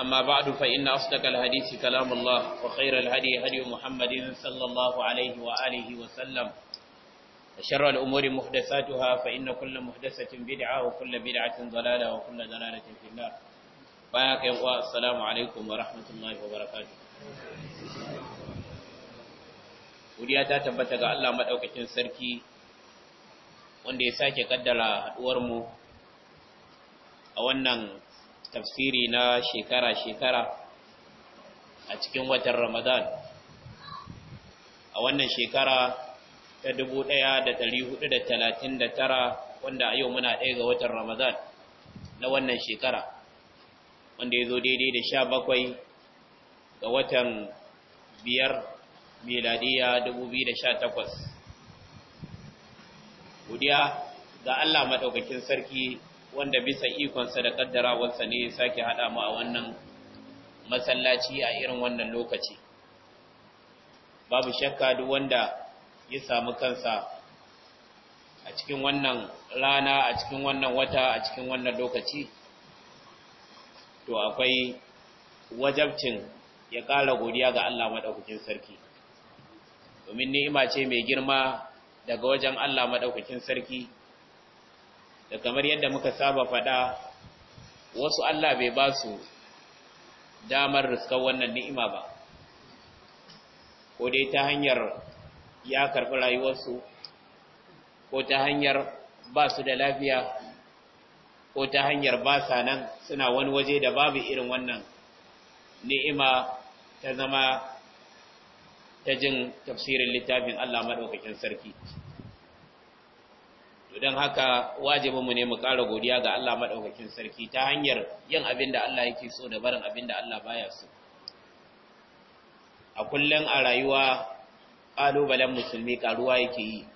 أما بعد فإن أصدق الحديث كلام الله وخير الهدي هدي محمد صلى الله عليه وآله وسلم وشر الأمور محدثاتها فإن كل محدثة بدعة وكل بدعة ضلالة وكل ضلالة في النار بارك الله السلام عليكم ورحمة الله وبركاته Godiya ta tabbata ga Allah maɗaukacin sarki wanda ya sake kaddara haɗuwarmu a wannan tafsiri na shekara-shekara a cikin watan Ramadan. A wannan shekara ta 1439 wanda a yau muna ɗaya ga watan Ramadan na wannan shekara, wanda ya zo daidai da sha bakwai ga watan biyar miladiya 2018. Godiya ga Allah maɗaukakin sarki wanda bisa ikonsa da kaddarawarsa ne ya sake haɗa mu a wannan masallaci a irin wannan lokaci babu shakka duk wanda ya samu kansa a cikin wannan rana a cikin wannan wata a cikin wannan lokaci to akwai wajabcin ya ƙara godiya ga Allah maɗaukakin sarki domin ni'ima ce mai girma daga wajen Allah maɗaukakin sarki da kamar yadda muka saba faɗa wasu Allah bai ba su damar riskar wannan ni'ima ba ko dai ta hanyar ya karɓi rayuwarsu ko ta hanyar ba su da lafiya ko ta hanyar ba sa nan suna wani waje da babu irin wannan ni'ima ta zama ta jin tafsirin littafin Allah maɗaukakin sarki. don haka mu ne mu ƙara godiya ga Allah maɗaukakin sarki ta hanyar yin abin da Allah yake so da barin abin da Allah baya so. A kullum a rayuwa ƙalubalen musulmi ƙaruwa yake yi,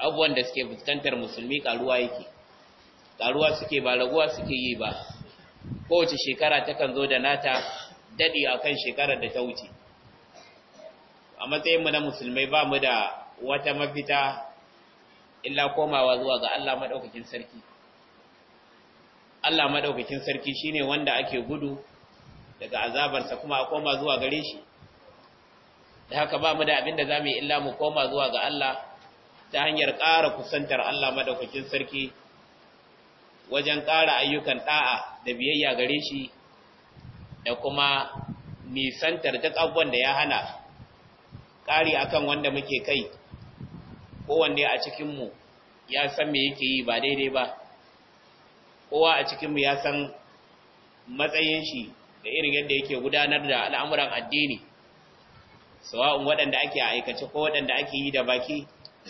abubuwan da suke fuskantar musulmi ƙaruwa yake, karuwa suke ba raguwa suke yi ba, kowace shekara takan zo da nata daɗi a kan shekarar da ta wuce. A matsayinmu na musulmai ba mu da wata mafita illa komawa zuwa ga Allah madaukakin sarki Allah madaukakin sarki shine wanda ake gudu daga azabarsa kuma a koma zuwa gare shi da haka ba mu da abin da zamu yi illa mu koma zuwa ga Allah ta hanyar ƙara kusantar Allah madaukakin sarki wajen ƙara ayyukan ɗa'a da biyayya gare shi da kuma nisantar duk abubuwan da ya hana ƙari akan wanda muke kai kowanne a cikinmu ya san me yake yi ba daidai ba kowa a cikinmu ya san matsayin shi da irin yadda yake gudanar da al'amuran addini sawa'un waɗanda ake aikace ko waɗanda ake yi da baki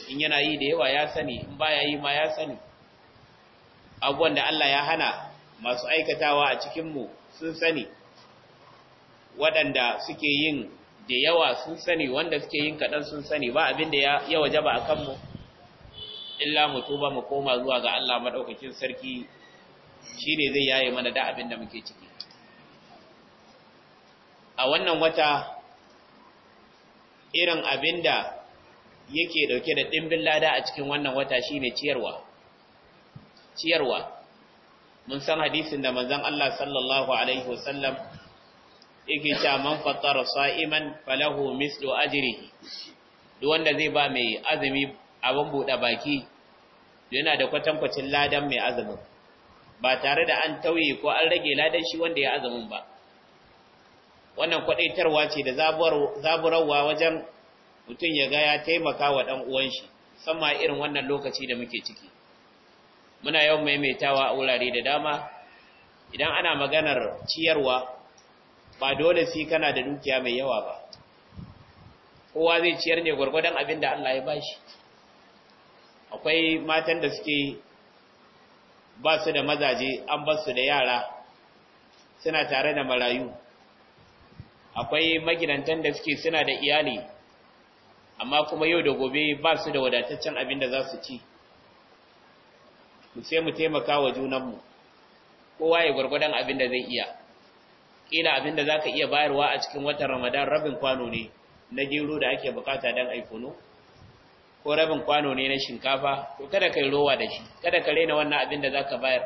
in yana yi da yawa ya sani in ya yi ma ya sani abubuwan da Allah ya hana masu aikatawa a cikinmu sun sani waɗanda suke yin da yawa sun sani wanda suke yin kaɗan sun sani ba abin da ya waje ba a kanmu illa mu tuba mu koma zuwa ga Allah maɗaukakin sarki shi zai yaye mana da abin da muke ciki a wannan wata irin abin da yake ɗauke da ɗimbin lada a cikin wannan wata shi ciyarwa ciyarwa mun san hadisin da manzon Allah sallallahu alaihi wasallam yake cewa man fattara sa'iman falahu mislu ajrihi duk wanda zai ba mai azumi abin bude baki yana da kwatankwacin ladan mai azumin ba tare da an tauye ko an rage ladan shi wanda ya azumin ba wannan kwadaitarwa ce da zaburarwa wajen mutum ya ga ya taimaka wa dan uwan shi sama irin wannan lokaci da muke ciki muna yawan maimaitawa a wurare da dama idan ana maganar ciyarwa ba dole sai kana da dukiya mai yawa ba kowa zai ciyar ne gwargwadon abin da Allah ya bashi akwai matan da suke ba su da mazaje an ba su da yara suna tare da marayu akwai magidantan da suke suna da iyali amma kuma yau da gobe ba su da wadataccen abin da za su ci mu sai mu taimaka wa junanmu kowa ya gurgurdan abin da zai iya kila abinda zaka iya bayarwa a cikin watan Ramadan rabin kwano ne na gero da ake bukata dan aifuno ko rabin kwano ne na shinkafa to kada kai rowa da shi kada ka rena wannan abinda zaka bayar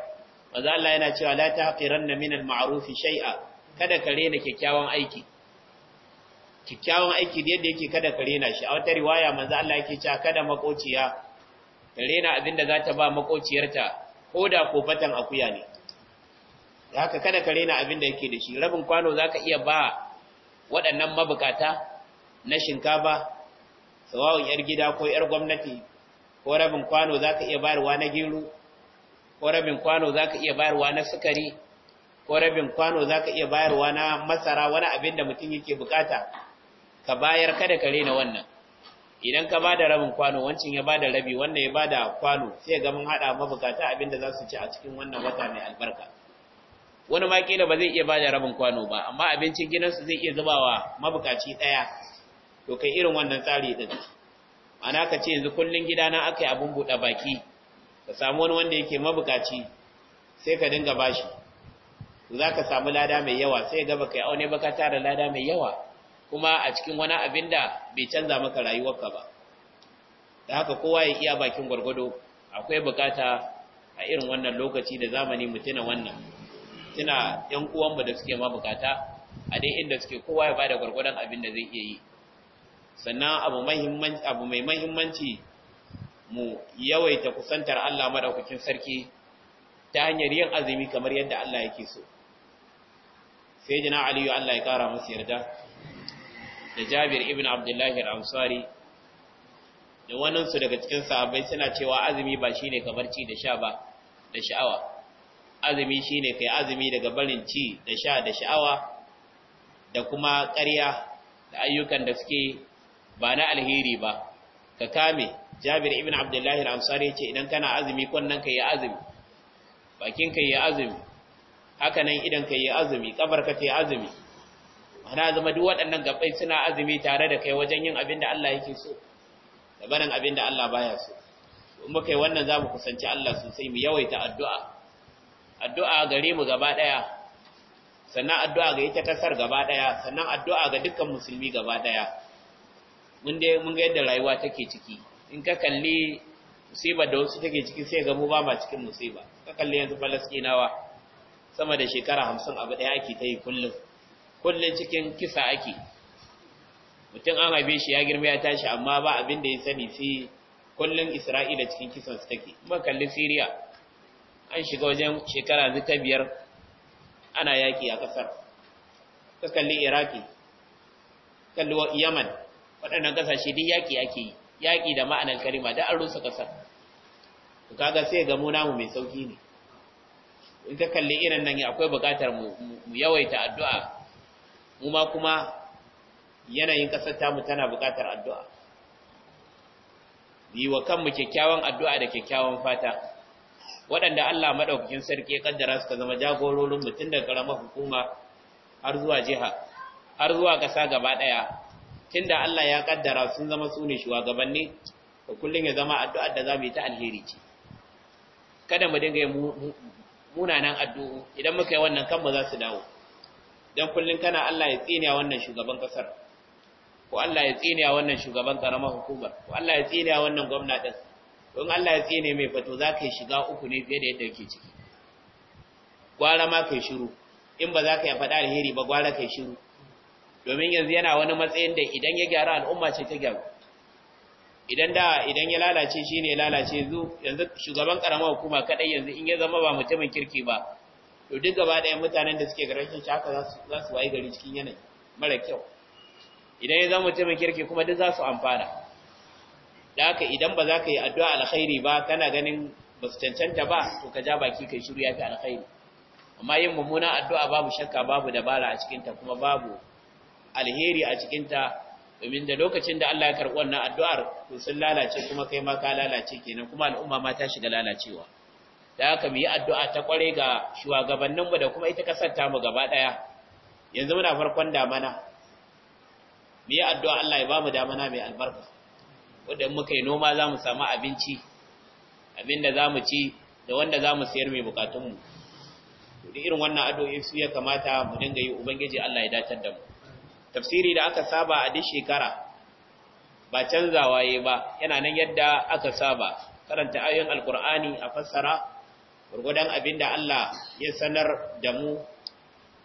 manzo Allah yana cewa la taqiranna min al-ma'ruf shay'a kada ka rena kyakkyawan aiki kyakkyawan aiki da yadda yake kada ka rena shi a wata riwaya manzo Allah yake cewa kada makociya rena abinda za ta ba makociyarta ko da kofatan akuya ne Da haka kada ka rena abin da yake da shi rabin kwano zaka iya ba waɗannan mabukata na shinkafa sawawun yar gida ko yar gwamnati ko rabin kwano zaka iya bayarwa na gero ko rabin kwano zaka iya bayarwa na sukari ko rabin kwano zaka iya bayarwa na masara wani abin da mutum yake bukata ka bayar kada ka rena wannan idan ka bada rabin kwano wancin ya bada rabi wannan ya bada kwano sai ga mun hada mabukata abinda za su ci a cikin wannan wata mai albarka wani ma kila ba zai iya bada rabin kwano ba amma abincin gidansu zai iya zubawa mabukaci daya to kai irin wannan tsari din ana ka ce yanzu kullun gidana akai abun bude baki ka samu wani wanda yake mabukaci sai ka dinga bashi zaka samu lada mai yawa sai ga baka aune baka tara lada mai yawa kuma a cikin wani abin da bai canza maka rayuwarka ba da haka kowa ya iya bakin gwargwado akwai bukata a irin wannan lokaci da zamani mutuna wannan suna yan uwanmu da suke bukata a dai inda suke kowa ya bada gwargwadon abin da zai iya yi sannan abu mai mahimmanci mu yawaita kusantar Allah madaukakin sarki ta hanyar yin azumi kamar yadda Allah yake so sai jina aliyu Allah ya kara musu yarda da jabir ibn abdullahi al da waninsu daga cikin sahabbai suna cewa azumi ba shine kamar ci da sha ba da sha'awa azumi shine kai azumi daga barin ci da sha da sha'awa da kuma ƙarya da ayyukan da suke ba na alheri ba ka kame Jabir ibn Abdullah al-Ansari yace idan kana azumi kunnan kai azumi bakin kai ya azumi haka nan idan kai ya azumi kabar ka kai azumi ana zama duk waɗannan gabbai suna azumi tare da kai wajen yin abin da Allah yake so da barin abin da Allah baya so in muka yi wannan mu kusanci Allah sosai mu yawaita addu'a addu'a gare mu gaba ɗaya sannan addu'a ga ita kasar gaba ɗaya sannan addu'a ga dukkan musulmi gaba ɗaya mun dai mun ga yadda rayuwa take ciki in ka kalli musiba da wasu take ciki sai ga ba ma cikin musiba ka kalli yanzu falaskinawa sama da shekara hamsin abu ɗaya ake ta yi kullum kullum cikin kisa ake mutum an haife shi ya girma ya tashi amma ba abin da ya sani sai kullum isra'ila cikin kisan su take kuma kalli siriya an shiga wajen shekara ta biyar ana yaƙi a ƙasar Ta kalli iraki kalli yaman waɗannan ƙasashe din yaƙi ake yi yaƙi da ma'anar kalima da an rusa ƙasar kaga sai ga mu namu mai sauki ne in ka kalli irin nan akwai buƙatar mu yawaita addu'a mu ma kuma yanayin ƙasar tamu tana buƙatar addu'a yi wa kanmu kyakkyawan addu'a da kyakkyawan fata waɗanda Allah madaukakin sarki ya kaddara suka zama jagororin mutum da karamar hukuma har zuwa jiha har zuwa ƙasa gaba ɗaya tunda Allah ya kaddara sun zama su ne shugabanni to kullum ya zama addu'ar da zamu yi ta alheri ce kada mu dinga munanan addu'o idan muka yi wannan kanmu za su dawo don kullum kana Allah ya tsiniya wannan shugaban kasar ko Allah ya tsiniya wannan shugaban karamar hukumar ko Allah ya tsiniya wannan gwamna don Allah ya tsine mai fato za ka yi shiga uku ne fiye da yadda yake ciki gwara ma kai shiru in ba za ka yi faɗa alheri ba gwara kai shiru domin yanzu yana wani matsayin da idan ya gyara al'umma ce ta gyaru idan da idan ya lalace shi ne lalace zu yanzu shugaban karamar hukuma kadai yanzu in ya zama ba mutumin kirki ba to duk gaba ɗaya mutanen da suke garashin shi haka za su wayi gari cikin yanayi mara kyau idan ya zama mutumin kirki kuma duk za su amfana da haka idan ba za ka yi addu'a alkhairi ba kana ganin ba su cancanta ba to ka ja baki kai shiru ya fi alkhairi amma yin mummuna addu'a babu shakka babu dabara a cikinta kuma babu alheri a cikinta domin da lokacin da Allah ya karɓi wannan addu'ar to sun lalace kuma kai ma ka lalace kenan kuma al'umma ma ta shiga lalacewa da haka mu yi addu'a ta kware ga shugabanninmu da kuma ita kasar mu gaba ɗaya yanzu muna farkon damana mu yi addu'a Allah ya ba mu damana mai albarka wanda muka yi noma za mu samu abinci abinda za mu ci da wanda za mu sayar mai bukatunmu da irin wannan addu'o'i su ya kamata mu dinga yi ubangiji Allah ya datar da mu tafsiri da aka saba a duk shekara ba canza waye ba yana nan yadda aka saba karanta ayoyin alkur'ani a fassara gurgudan abinda Allah ya sanar da mu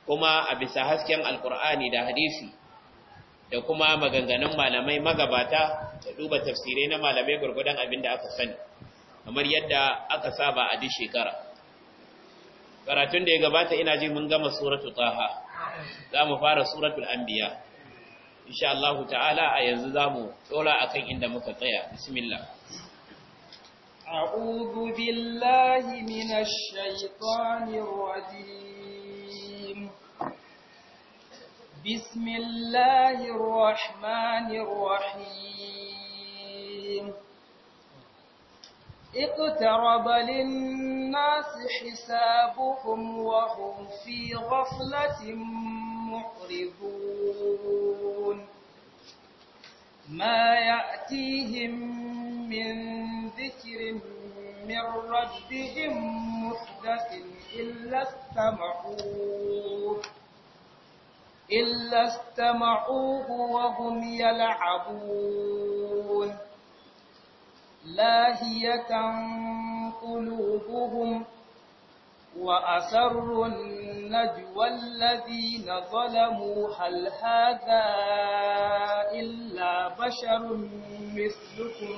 kuma a bisa hasken alkur'ani da hadisi da kuma maganganun malamai magabata ta duba tafsirai na malamai gurgudan abin da aka sani kamar yadda aka saba a duk shekara karatun da ya gabata ina ji mun gama suratu taha za mu fara suratul anbiya insha Allah ta'ala a yanzu za mu a akan inda muka tsaya bismillah أعوذ بالله من الشيطان الرجيم بسم الله الرحمن الرحيم اقترب للناس حسابهم وهم في غفلة معرضون ما يأتيهم من ذكر من ربهم محدث إلا استمعوه إلا استمعوه وهم يلعبون لاهية قلوبهم وأسروا النجوى الذين ظلموا هل هذا إلا بشر مثلكم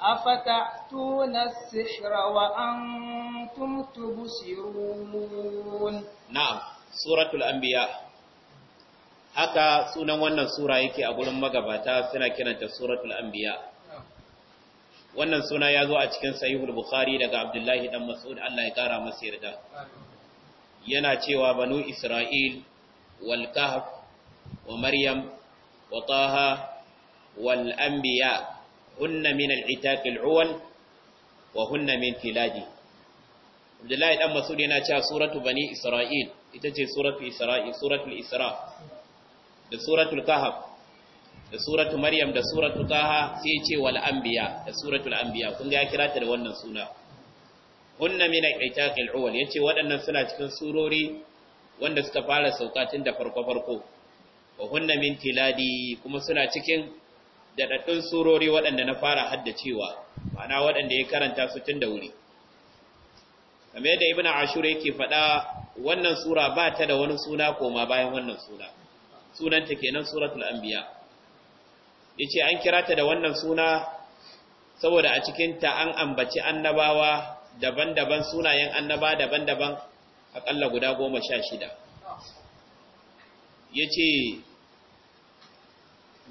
أفتأتون السحر وأنتم تبصرون نعم سورة الأنبياء haka sunan wannan sura yake a gurin magabata suna kiranta suratul anbiya wannan suna ya zo a cikin sahihul bukhari daga abdullahi dan mas'ud Allah ya kara masa yarda yana cewa banu isra'il wal kahf wa maryam wa taha wal anbiya hunna min al itaq al uwal wa hunna min filadi abdullahi dan mas'ud yana cewa suratu bani isra'il ita ce suratu isra'il suratul isra da suratul kahf da suratu maryam da suratu taha sai ce wal anbiya da suratul anbiya kun ga ya kira ta da wannan suna hunna min al-itaqil awwal yace waɗannan suna cikin surori wanda suka fara sauka tun da farko farko wa hunna min tiladi kuma suna cikin daɗaɗɗun surori waɗanda na fara haddacewa ma'ana waɗanda ya karanta su tun da wuri kamar yadda ibnu ashur yake faɗa wannan sura ba ta da wani suna koma bayan wannan suna sunanta kenan suratul anbiya yace an kira ta da wannan suna saboda a cikin ta an ambaci annabawa daban-daban sunayen annaba daban-daban akalla guda goma sha shida yace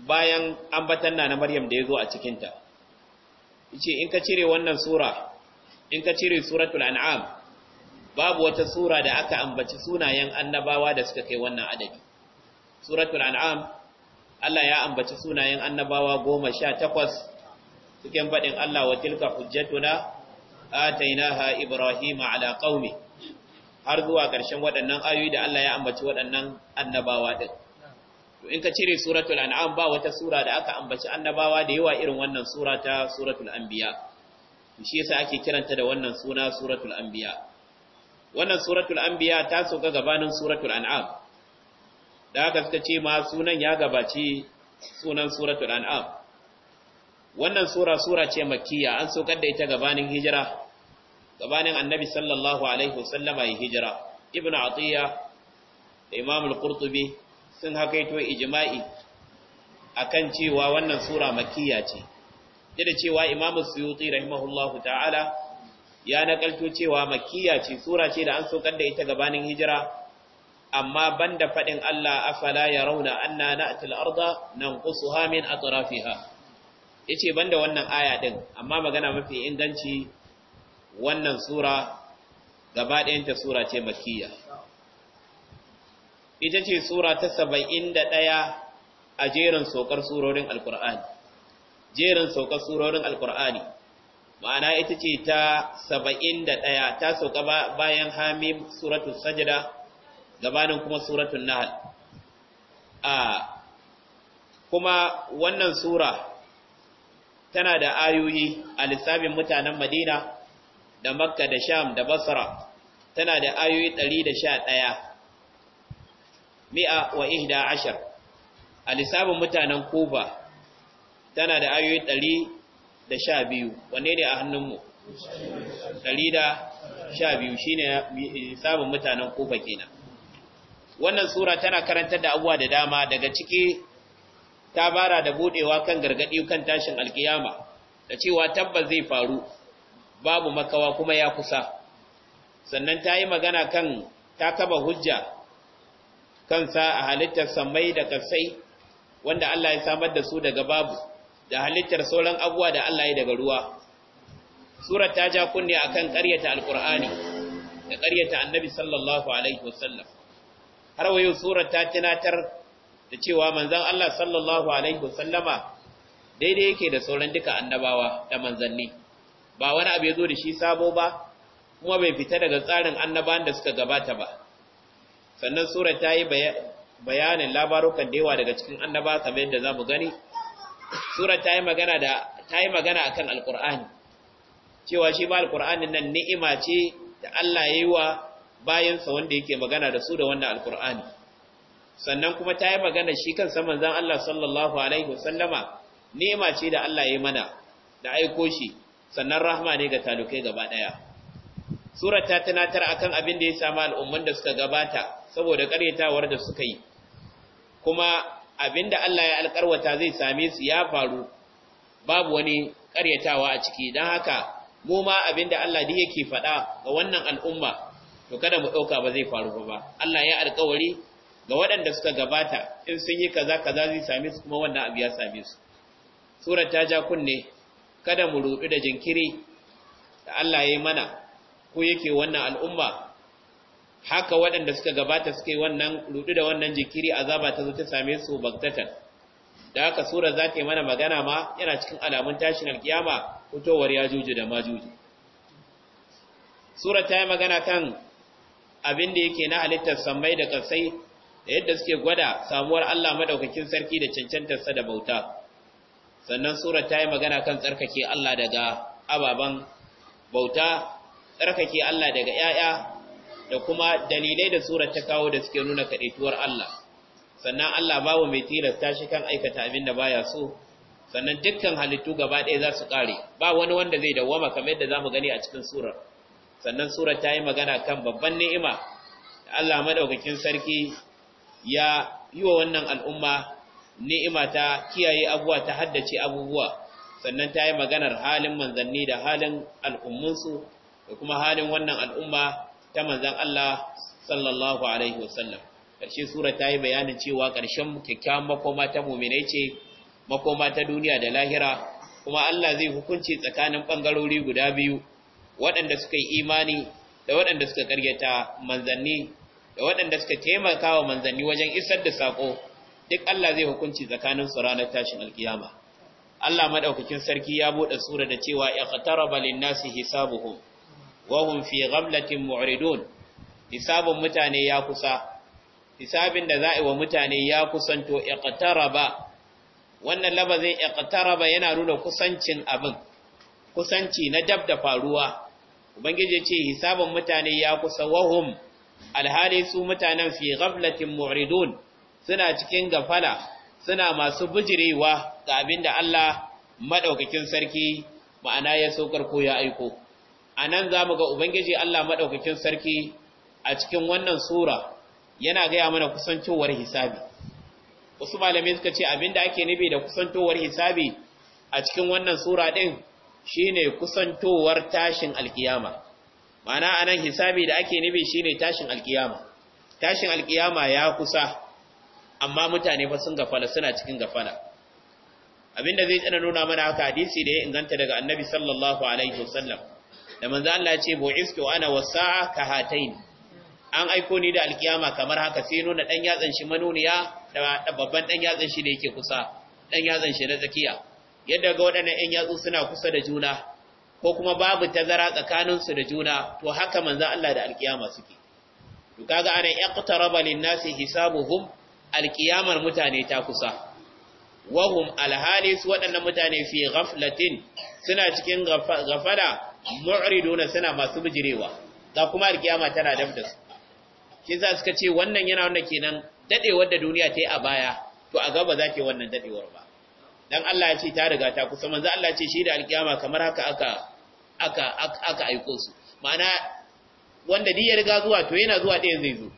bayan ambatan na na Maryam da yazo a cikin ta yace in ka cire wannan sura in ka cire suratul an'am babu wata sura da aka ambaci sunayen annabawa da suka kai wannan adadi suratul an'am Allah ya ambaci sunayen annabawa goma sha takwas cikin faɗin Allah wa tilka hujjatuna atainaha ibrahima ala qaumi har zuwa ƙarshen waɗannan ayoyi da Allah ya ambaci waɗannan annabawa din to in ka cire suratul an'am ba wata sura da aka ambaci annabawa da yawa irin wannan sura ta suratul anbiya shi yasa ake kiranta da wannan suna suratul anbiya wannan suratul anbiya ta sauka gabanin suratul an'am da aka suka ce ma sunan ya gabaci sunan suratul an'am wannan sura sura ce makkiya an saukar da ita gabanin hijira gabanin annabi sallallahu alaihi wasallama ya hijira ibnu atiya da imam al-qurtubi sun hakaito ijma'i akan cewa wannan sura makkiya ce da cewa imam suyuti rahimahullahu ta'ala ya nakalto cewa makkiya ce sura ce da an saukar da ita gabanin hijira amma banda faɗin Allah afala ya rauna anna na'til arda nanqusuha min atrafiha yace banda wannan aya din amma magana mafi inganci wannan sura gaba ɗayanta sura ce makkiya ita ce sura ta 71 a jerin sokar surorin alqur'ani jerin sokar surorin alqur'ani ma'ana ita ce ta 71 ta soka bayan hamim suratul sajda gabanin kuma suratul nahl a kuma wannan sura tana da ayoyi a lissafin mutanen Madina da Makka da Sham da Basra tana da ayoyi 111 mi'a wa ihda ashar a lissafin mutanen kuba tana da ayoyi 112 wanne ne a hannunmu 112 shine eh, lissafin mutanen kuba kenan wannan sura tana karantar da abuwa da dama daga ciki ta bara da budewa kan gargadi kan tashin alkiyama da cewa tabbas zai faru babu makawa kuma ya kusa sannan ta yi magana kan ta kaba hujja kansa a halittar samai da kasai wanda Allah ya samar da su daga babu da halittar sauran abuwa da Allah ya daga ruwa surar ta ja kunne akan ƙaryata alkur'ani da ƙaryata annabi sallallahu alaihi wasallam har wayo surar ta tunatar da cewa manzon Allah sallallahu alaihi wasallama daidai yake da sauran duka annabawa da manzanni ba wani abu ya zo da shi sabo ba kuma bai fita daga tsarin annabawan da suka gabata ba sannan surar ta yi bayanin labarukan da yawa daga cikin annaba kamar yadda za mu gani surar ta yi magana da ta yi magana akan alkur'ani cewa shi ba alqur'anin nan ni'ima ce da Allah ya yi wa bayansa wanda yake magana da su da wannan alkur'ani sannan kuma ta yi magana shi kan saman zan Allah sallallahu alaihi wasallama nema ce da Allah ya mana da aiko shi sannan rahma ne ga talukai gaba daya surar ta tunatar akan abin da ya samu al'umman da suka gabata saboda karyatawar da suka yi kuma abin da Allah ya alkarwata zai same su ya faru babu wani karyatawa a ciki don haka mu ma abin da Allah duk yake faɗa ga wannan al'umma to kada mu dauka ba zai faru ba Allah ya alƙawari ga waɗanda suka gabata in sun yi kaza kaza zai same su kuma wannan abu ya same su surar ta ja kunne kada mu rudu da jinkiri da Allah ya yi mana ko yake wannan al'umma haka waɗanda suka gabata suke wannan rudu da wannan jinkiri azaba ta zo ta same su bagtatan da haka sura za ta yi mana magana ma yana cikin alamun tashin alkiyama fitowar ya da majuji sura ta yi magana kan abin da yake na halittar sammai da kasai da yadda suke gwada samuwar Allah madaukakin sarki da cancantarsa da bauta sannan sura ta yi magana kan tsarkake Allah daga ababen bauta tsarkake Allah daga ‘ya'ya da kuma dalilai da sura ta kawo da suke nuna kaɗaituwar Allah sannan Allah babu mai tilasta shi kan aikata abin da baya so sannan dukkan halittu gaba ɗaya za su ƙare ba wani wanda zai dawwama kamar yadda za mu gani a cikin surar sannan sura ta yi magana kan babban ni'ima da Allah madaukakin sarki ya yi wa wannan al'umma ni'ima ta kiyaye abuwa ta haddace abubuwa sannan ta yi maganar halin manzanni da halin al'ummunsu da kuma halin wannan al'umma ta manzan Allah sallallahu alaihi wasallam Ƙarshen sura ta yi bayanin cewa ƙarshen kyakkyawan makoma ta muminai ce makoma ta duniya da lahira kuma Allah zai hukunci tsakanin ɓangarori guda biyu waɗanda suka yi imani da waɗanda suka karyata manzanni da waɗanda suka taimaka wa manzanni wajen isar da saƙo, duk Allah zai hukunci tsakanin su ranar tashin alkiyama Allah maɗaukakin sarki ya buɗe sura da cewa ƙatara balin nasi hisabuhum wa hum fi ghamlatin mu'ridun hisabun mutane ya kusa hisabin da za'i wa mutane ya kusanto ba. wannan labazin ba" yana nuna kusancin abin kusanci na dab da faruwa ubangiji ce hisabin mutane ya kusa wahum alhali su mutanen fi ghaflatin mu'ridun suna cikin gafala suna masu bijirewa ga abinda Allah madaukakin sarki ma'ana ya saukar ko ya aiko anan zamu ga ubangiji Allah madaukakin sarki a cikin wannan sura yana gaya mana kusantowar hisabi wasu malamai suka ce abin da ake nufi da kusantowar hisabi a cikin wannan sura din shine kusantowar tashin alkiyama mana anan hisabi da ake nufi shine tashin alkiyama tashin alkiyama ya kusa amma mutane fa sun gafala suna cikin gafala abinda zai tsana nuna mana haka hadisi da ya inganta daga annabi sallallahu alaihi wasallam da manzo Allah ya ce bu'istu ana wasa'a hatain an aiko ni da alkiyama kamar haka sai nuna dan yatsan shi manuniya da babban dan yatsan shi da yake kusa dan yatsan shi na tsakiya yadda ga waɗannan ‘yan yatsu suna kusa da juna ko kuma babu tazara tsakaninsu da juna to haka manzan Allah da alkiyama suke. To kaga ana yaqtaraba lin-nasi hisabuhum alkiyamar mutane ta kusa. Wahum alhali su waɗannan mutane fi ghaflatin suna cikin ghafala mu'riduna suna masu bijirewa. Ga kuma alkiyama tana dab da su. Shin za suka ce wannan yana wannan kenan daɗewar da duniya ta yi a baya to a gaba za ke wannan daɗewar ba. dan Allah ya ce ta riga ta kusa manzo Allah ya ce shi da alkiyama kamar haka aka aka aka aiko su ma'ana wanda din ya riga zuwa to yana zuwa ɗaya zai zo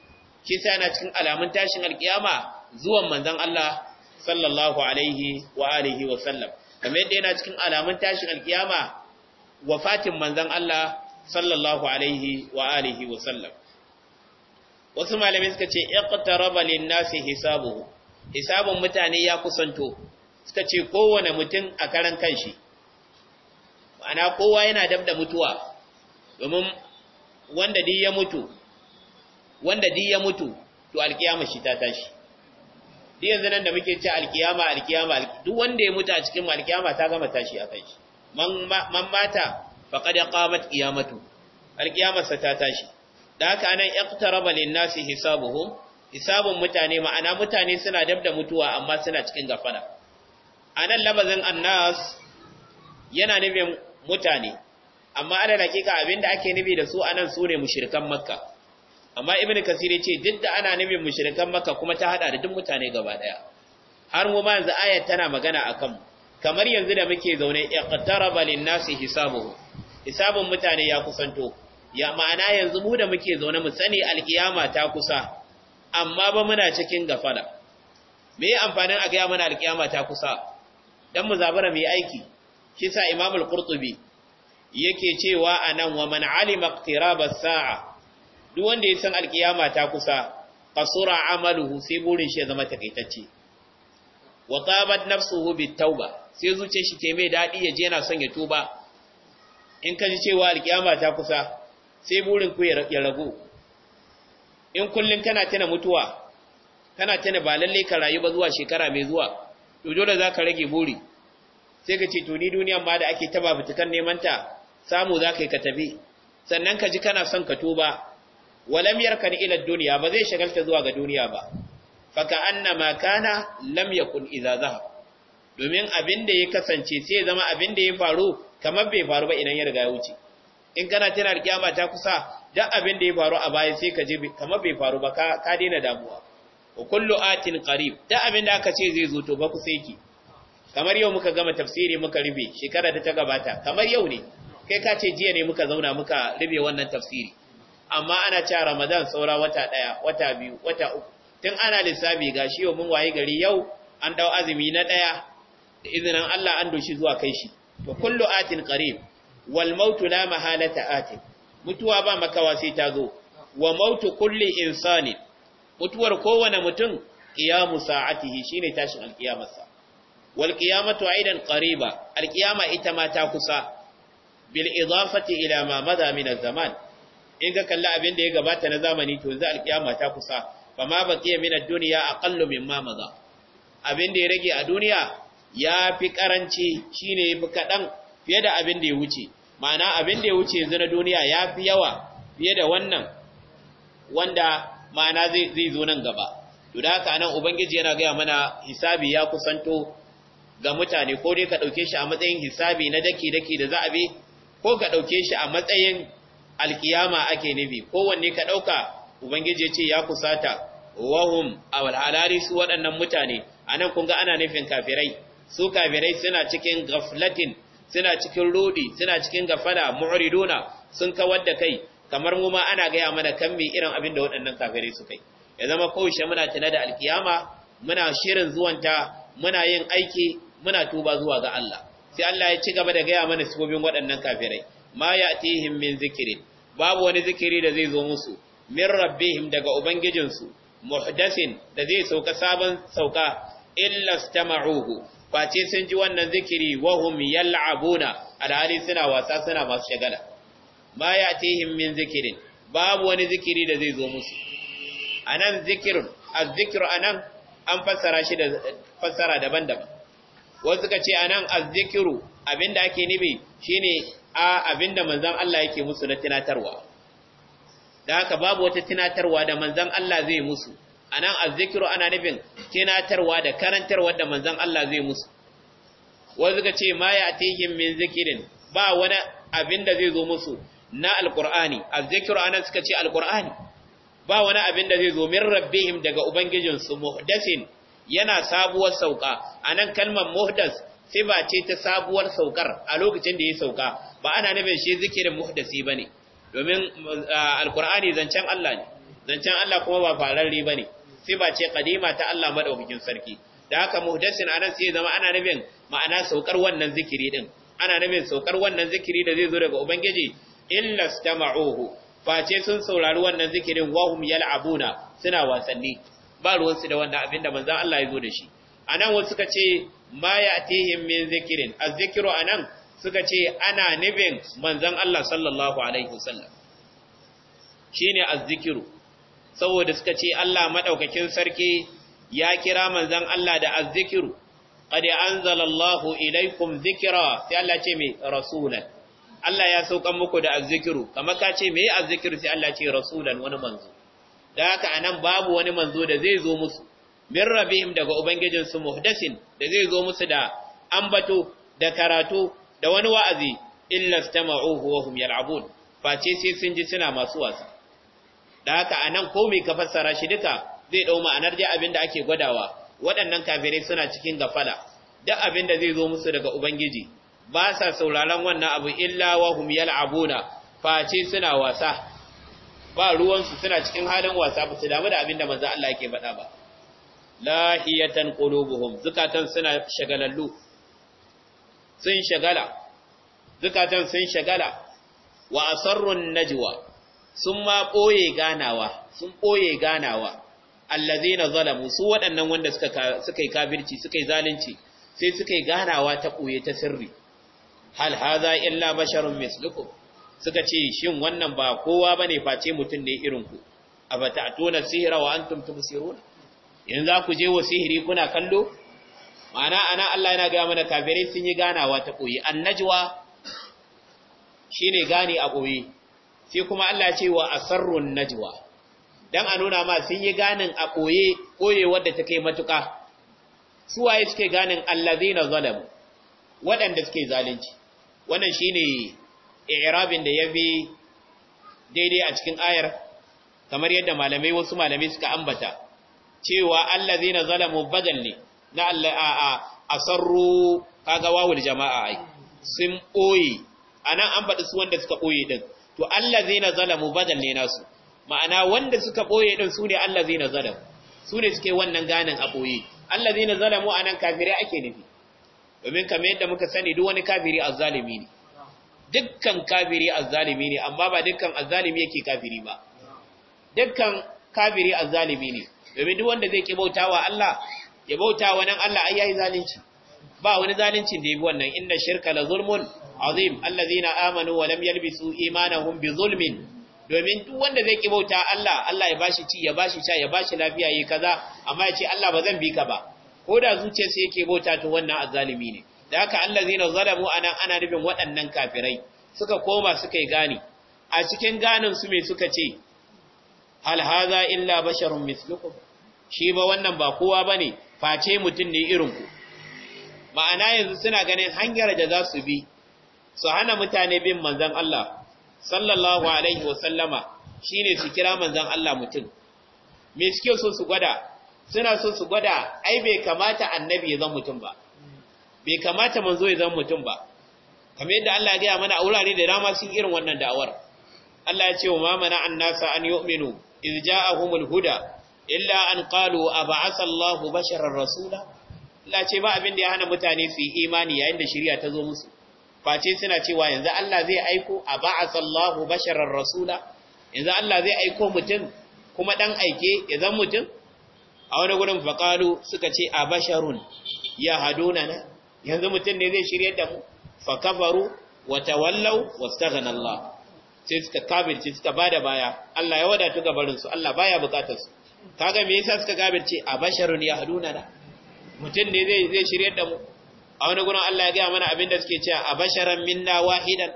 shi sai yana cikin alamun tashin alkiyama zuwan manzon Allah sallallahu alaihi wa alihi wa sallam kamar yadda yana cikin alamun tashin alkiyama wafatin manzon Allah sallallahu alaihi wa alihi wa sallam wasu malamai suka ce iqtaraba lin-nasi hisabuhu hisabun mutane ya kusanto suka ce kowane mutum a karan kanshi ma'ana kowa yana dab da mutuwa domin wanda di ya mutu wanda di ya mutu to alkiyama shi ta tashi duk yanzu nan da muke ce alkiyama alkiyama duk wanda ya mutu a cikin alkiyama ta gama tashi a kanshi man mata faqad qamat qiyamatu alkiyamarsa ta tashi da haka anan iqtaraba lin-nasi hisabuhum hisabun mutane ma'ana mutane suna dab da mutuwa amma suna cikin gafara a nan labazin annas yana nufin mutane amma ana dakika abinda ake nufi da su anan su ne mushrikan makka amma ibnu kasir ce duk da ana nufin mushrikan makka kuma ta hada da duk mutane gaba daya har mu ma yanzu ayat tana magana akan kamar yanzu da muke zaune iqtaraba lin-nasi hisabuhu hisabun mutane ya kusanto ya ma'ana yanzu mu da muke zaune mu sani alkiyama ta kusa amma ba muna cikin gafara me amfanin a ga mana alkiyama ta kusa dan mu zabara mai aiki kisa sa Imam al-Qurtubi yake cewa anan wa man alima iqtiraba saa duk wanda ya san alkiyama ta kusa qasura amaluhu sai burin shi ya zama takaitacce wa qabat nafsuhu Tauba, sai zuciyar shi ta mai dadi ya je yana son ya tuba in ka ji cewa alkiyama ta kusa sai burin ku ya ragu in kullum kana tana mutuwa kana tana ba lalle ka rayu ba zuwa shekara mai zuwa to dole za ka rage buri sai ka ce to ni duniyan ma da ake taba fitikan neman ta samu za ka yi ka tafi sannan ka ji kana son ka tuba walam yarkan ila duniya ba zai shagalta zuwa ga duniya ba faka annama kana lam yakun idza zahab domin abin da ya kasance sai zama abin da ya faru kamar bai faru ba idan ya riga ya wuce in kana tana kiyama ta kusa duk abin da ya faru a baya sai ka je kamar bai faru ba ka daina damuwa wa kullu atin qarib da abin da aka ce zai zo to ba ku sai ki kamar yau muka gama tafsiri muka rube shekara da ta gabata kamar yau ne kai ka ce jiya ne muka zauna muka rube wannan tafsiri amma ana cewa Ramadan saura wata daya wata biyu wata uku tun ana lissafi gashi yau mun waye gari yau an dau azumi na daya da izinin Allah an doshi zuwa kai shi wa kullu atin qarib wal maut la mahalata atin mutuwa ba makawa sai ta zo wa mautu kulli insani mutuwar kowane mutum qiyamu sa'atihi shine tashin alqiyamarsa wal qiyamatu aidan qariba alqiyama ita ma ta kusa bil idafati ila ma madha min az in ka kalli abin da ya gabata na zamani to yanzu alqiyama ta kusa ma baqiya min ad-dunya aqallu mimma madha abin da ya rage a duniya ya fi karanci shine yafi kadan fiye da abin da ya wuce ma'ana abin da ya wuce yanzu na duniya ya fi yawa fiye da wannan wanda ma'ana zai zo nan gaba duda da haka nan ubangiji yana gaya mana hisabi ya kusanto ga mutane ko dai ka ɗauke shi a matsayin hisabi na daki-daki da za a bi ko ka ɗauke shi a matsayin alkiyama ake nufi kowanne ka ɗauka ubangiji ya ce ya kusata wahum a walhalari su waɗannan mutane a nan kun ga ana nufin kafirai su kafirai suna cikin gaflatin suna cikin rudi suna cikin gafala mu'riduna sun kawar da kai kamar mu ma ana gaya mana kan me irin abin da waɗannan kafirai suka yi ya zama kawushe muna tana da alkiyama muna shirin zuwanta muna yin aiki muna tuba zuwa ga Allah sai Allah ya ci gaba da gaya mana sifofin waɗannan kafirai ma ya'tihim min zikirin babu wani zikiri da zai zo musu min rabbihim daga ubangijinsu muhdasin da zai sauka sabon sauka illa stama'uhu face sun ji wannan zikiri wahum yal'abuna alhali suna wasa suna masu shagala ma ya'tihim min zikirin babu wani zikiri da zai zo musu anan zikirun az anan an fassara shi da fassara daban-daban wasu suka ce anan az zikiru abinda ake nibi shine a abinda manzon Allah yake musu na tunatarwa da haka babu wata tunatarwa da manzon Allah zai musu anan az zikiru ana nufin tunatarwa da karantarwa da manzon Allah zai musu wasu suka ce ma ya'tihim min zikirin ba wani abinda zai zo musu na alqur'ani azzikru anan suka ce alqur'ani ba wani abin da zai zo min rabbihim daga ubangijin su muhdasin yana sabuwar sauka anan kalmar muhdas ba ce ta sabuwar saukar a lokacin da ya sauka ba ana nufin shi zikirin muhdasi bane domin alqur'ani zancen Allah ne zancen Allah kuma ba fararre bane ba ce kadima ta Allah madaukakin sarki da haka muhdasin anan sai zama ana nufin ma'ana saukar wannan zikiri din ana nufin saukar wannan zikiri da zai zo daga ubangiji illa stama'uhu face sun saurari wannan zikirin wahum yal'abuna suna wasanni ba ruwansu da wannan abinda manzon Allah ya zo da shi anan wasu suka ce ma ya'tihim min zikirin azzikiru anan suka ce ana nufin manzon Allah sallallahu alaihi wasallam shine azzikiru saboda suka ce Allah madaukakin sarki ya kira manzon Allah da azzikiru qad anzalallahu ilaikum zikra sai Allah ce mai rasulan Allah ya saukan muku da azzikiru kamar ka ce meye azzikiru sai Allah ce rasulan wani manzo da haka anan babu wani manzo da zai zo musu min rabbihim daga ubangijin su muhdasin da zai zo musu da ambato da karatu da wani wa'azi illa stama'uhu wa hum yal'abun face sai sun ji suna masu wasa da haka anan ko me ka fassara shi duka zai ɗau ma'anar dai abin da ake gwadawa waɗannan kafirai suna cikin gafala duk abinda zai zo musu daga ubangiji ba sa sauraron wannan abu illa wa hum yal'abuna face suna wasa ba ruwansu suna cikin halin wasa ba su damu da abin da manzo Allah yake faɗa ba lahiyatan qulubuhum zukatan suna shagalallu sun shagala zukatan sun shagala wa asarrun najwa sun ma boye ganawa sun boye ganawa allazina zalamu su waɗannan wanda suka suka yi kafirci suka yi zalunci sai suka yi ganawa ta boye ta sirri hal hadha illa basharun mislukum suka ce shin wannan ba kowa bane face mutum ne irin ku atuna sihra wa antum tubsirun in za ku je wa sihiri kuna kallo ma'ana ana Allah yana ga mana kafire sun yi ganawa ta koyi annajwa shine gane a koyi sai kuma Allah ce wa asarrun najwa dan a nuna ma sun yi ganin a koye koye wadda ta kai matuka suwaye suke ganin allazina zalamu waɗanda suke zalunci wannan shi ne i'rabin da ya bi daidai a cikin ayar kamar yadda malamai wasu malamai suka ambata cewa allazina zalamu badal ne na asarru kaga wawul jama'a ai sun A nan an faɗi su wanda suka ɓoye din to allazina zalamu badal ne nasu ma'ana wanda suka ɓoye din su ne allazina zalamu su ne suke wannan ganin a ɓoye. boye allazina zalamu nan kafirai ake nufi domin kamar yadda muka sani duk wani kafiri azzalimi ne dukkan kafiri azzalimi ne amma ba dukkan azzalimi yake kafiri ba dukkan kafiri azzalimi ne domin duk wanda zai ki bautawa Allah ya bautawa nan Allah ai yayi zalunci ba wani zalunci da yabi wannan inna shirka la zulmun azim allazina amanu wa lam yalbisu imanahum bi zulmin domin duk wanda zai ki bauta Allah Allah ya bashi ci ya bashi sha ya bashi lafiya yi kaza amma ya ce Allah ba zan bi ka ba ko da zuciyarsa yake bauta to wannan azzalimi ne da haka allazina zalamu anan ana nufin waɗannan kafirai suka koma suka yi gani a cikin ganin su me suka ce hal hadha illa basharun mithlukum shi ba wannan ba kowa bane face mutum ne irin ku ma'ana yanzu suna ganin hanyar da za su bi su hana mutane bin manzon Allah sallallahu alaihi wasallama shine su kira manzon Allah mutum me suke so su gwada suna so su gwada ai bai kamata annabi ya zan mutum ba bai kamata manzo ya zama mutum ba kamar yadda Allah ya gaya mana a wurare da dama sun irin wannan da'awar Allah ya ce wa mamana annasa an yu'minu idh ja'ahumul huda illa an qalu ab'atha Allahu basharar rasula Allah ce ba abin da ya hana mutane su yi imani yayin da shari'a ta zo musu face suna cewa yanzu Allah zai aiko a ba'asallahu basharar rasula yanzu Allah zai aiko mutum kuma dan aike ya zama mutum a wani gudun faƙalu suka ce a basharun ya haduna na yanzu mutum ne zai shirya da mu faƙafaru wata wallau wasta Allah sai suka kabirce suka ba da baya Allah ya wadatu gabarinsu Allah baya bukatarsu ga me yasa suka kabirce a basharun ya haduna na mutum ne zai shirya da mu a wani gudun Allah ya gaya mana abin da suke cewa a basharan minna wahidan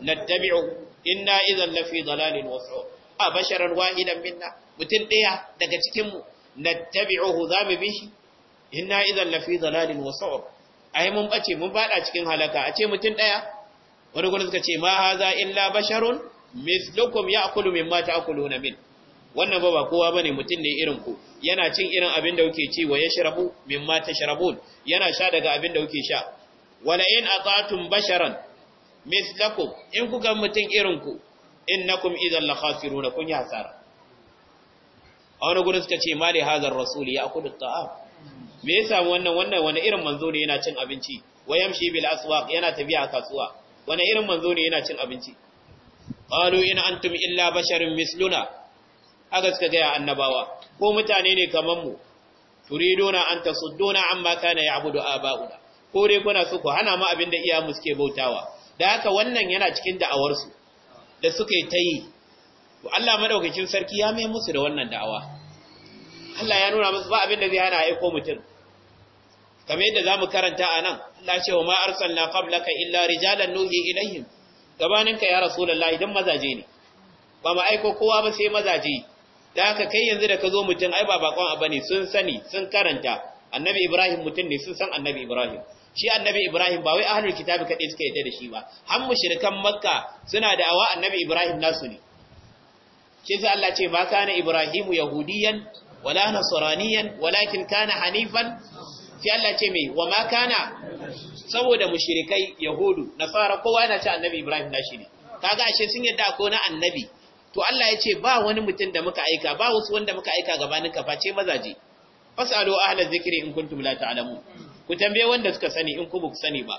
nattabi'u inna idan lafi zalalin wasu a basharan wahidan minna mutum ɗaya daga cikinmu nattabi'uhu zamu bi shi inna idan fi dalalin wa sa'ab ai mun bace mun bada cikin halaka a ce mutun daya wani gurin suka ce ma haza illa basharun mislukum ya'kulu mimma ta'kuluna min wannan ba ba kowa bane mutun ne irin ku yana cin irin abin da kuke ci wa yashrabu mimma tashrabun yana sha daga abin da kuke sha wala in atatum basharan mislakum in kuka mutun irin ku innakum idan la khasiruna kun ya hasara a wani gurin suka ce mali hazar rasuli ya kudu ta'am me ya samu wannan wannan wani irin manzo ne yana cin abinci wa yamshi bil aswaq yana tafiya a kasuwa wani irin manzo ne yana cin abinci qalu in antum illa basharun misluna aka suka ga annabawa ko mutane ne kaman mu turiduna an tasudduna amma kana ya'budu aba'una ko dai kuna so ku hana mu abin da iyamu suke bautawa da haka wannan yana cikin da'awarsu da suka yi ta yi to Allah madaukakin sarki ya mai musu da wannan da'awa Allah ya nuna musu ba abin da zai hana aiko mutum kamar yadda zamu karanta a nan Allah ce wa ma arsalna qablaka illa rijalan nuhi ilaihim ka ya rasulullahi dan mazaje ne ba mu aiko kowa ba sai mazaje da haka kai yanzu da ka zo mutum ai ba bakon abu ne sun sani sun karanta annabi ibrahim mutum ne sun san annabi ibrahim shi annabi ibrahim ba wai ahlul kitabi kadai suka yadda da shi ba har mushrikan makka suna da awa annabi ibrahim nasu ne shi sai Allah ce ba kana Ibrahimu yahudiyan wala nasraniyan walakin kana hanifan sai Allah ce me wa ma kana saboda mushrikai yahudu nasara kowa yana ce annabi Ibrahim shi ne kaga ashe sun yadda ko na annabi to Allah ya ce ba wani mutum da muka aika ba wasu wanda muka aika gabanin ka face mazaje fasalu ahla zikri in kuntum la ta'lamun ku tambaye wanda suka sani in ku buku sani ba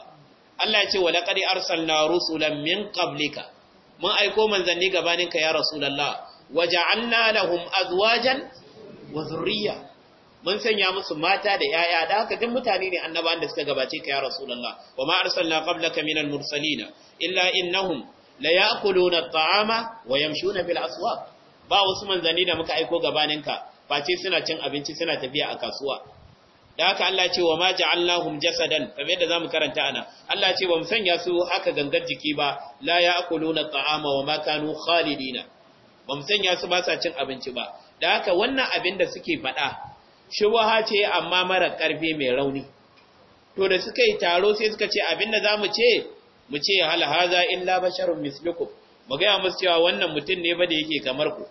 Allah ya ce wa laqad arsalna rusulan min qablika mun aiko manzanni gabanin ka ya rasulullah waja'alna lahum azwajan wa zurriya mun sanya musu mata da yaya da haka duk mutane ne annabawan da suka gabace ka ya rasulullah wa ma arsalna qablaka minal mursalin illa innahum la ya'kuluna at-ta'ama wa yamshuna bil aswaq ba wasu manzanni da muka aiko ka. face suna cin abinci suna tafiya a kasuwa da haka Allah ce wa ma ja'alnahum jasadan kamar yadda zamu karanta ana Allah ce ba mu sanya su haka gangar jiki ba la ya'kuluna at-ta'ama wa ma kanu khalidina ba mu sanya su ba sa cin abinci ba da haka wannan abin da suke faɗa shubaha ce amma mara ƙarfi mai rauni to da suka yi taro sai suka ce abin da za mu ce mu ce hal haza illa basharun mislukum mu gaya musu cewa wannan mutum ne ba da yake kamar ku